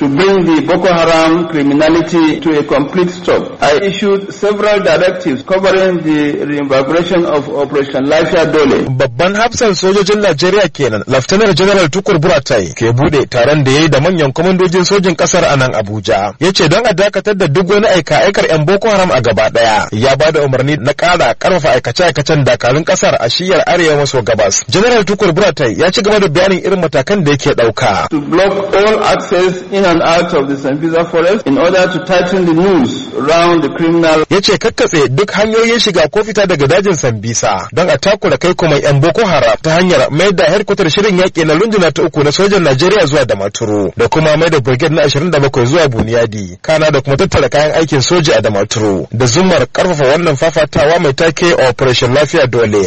to bring the Boko Haram criminality to a complete stop. I issued several directives covering the reinvigoration of Operation lafia Dole. Babban hafsan sojojin Najeriya kenan, Laftanar General Tukur Buratai ke bude taron da ya yi da manyan kwamandojin sojin kasar a nan Abuja. Ya ce don a dakatar da duk wani aika aikar 'yan Boko Haram a gaba daya. Ya ba da umarni na ƙara karfafa aikace-aikacen dakarun kasar a shiyar arewa maso gabas. General Tukur Buratai ya ci gaba da bayanin irin matakan da yake ɗauka. To block all access in and out of the Sambisa forest in order to tighten the noose round the criminal. Ya ce kakkatse duk hanyoyin shiga ko fita daga dajin Sambisa don a takura kai kuma 'yan Boko Haram ta hanyar mai da herkutar shirin yaƙi na lunduna ta uku na sojan Najeriya zuwa da maturu da kuma mai da brigade na ashirin 27 zuwa Buniyadi kana da kuma tattara kayan aikin soja a da maturu da zumar karfafa wannan fafatawa mai take Operation Lafiya Dole.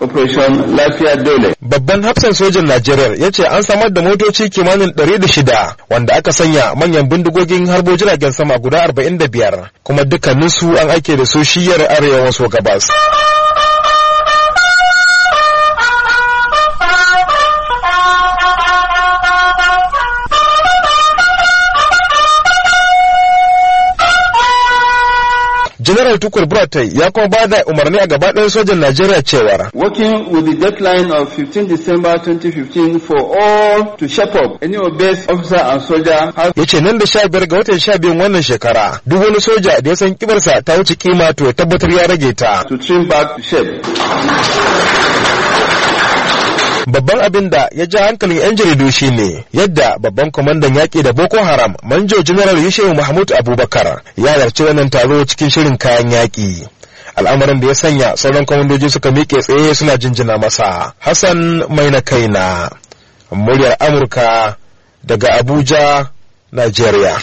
Operation Lafiya Dole. Babban hafsan sojan Najeriya ya ce an samar da motoci kimanin da shida. wanda aka sanya manyan bindigogin harbo jiragen sama guda arba'in da biyar kuma dukkaninsu an aike da su shiyar arewa maso gabas. General Tukur Buratai ya kuma ba da umarni a gaba ɗayan sojan Najeriya cewa. Working with the deadline of 15 December 2015 for all to shape up any of best officer and soldier. Ya ce nan da sha biyar ga watan sha biyun wannan shekara duk wani soja da ya san kibarsa ta wuce kima to ya tabbatar ya rage ta. To trim back to shape. babban abin da ya ja hankalin 'yan jaridu ne yadda babban kwamandan yaƙi da boko haram manjo general yushehu mahmud abubakar ya yarci wannan taro cikin shirin kayan yaƙi al'amarin da ya sanya sauran kwamandoji suka miƙe tsaye suna jinjina masa hassan mai na kaina muryar amurka daga abuja nigeria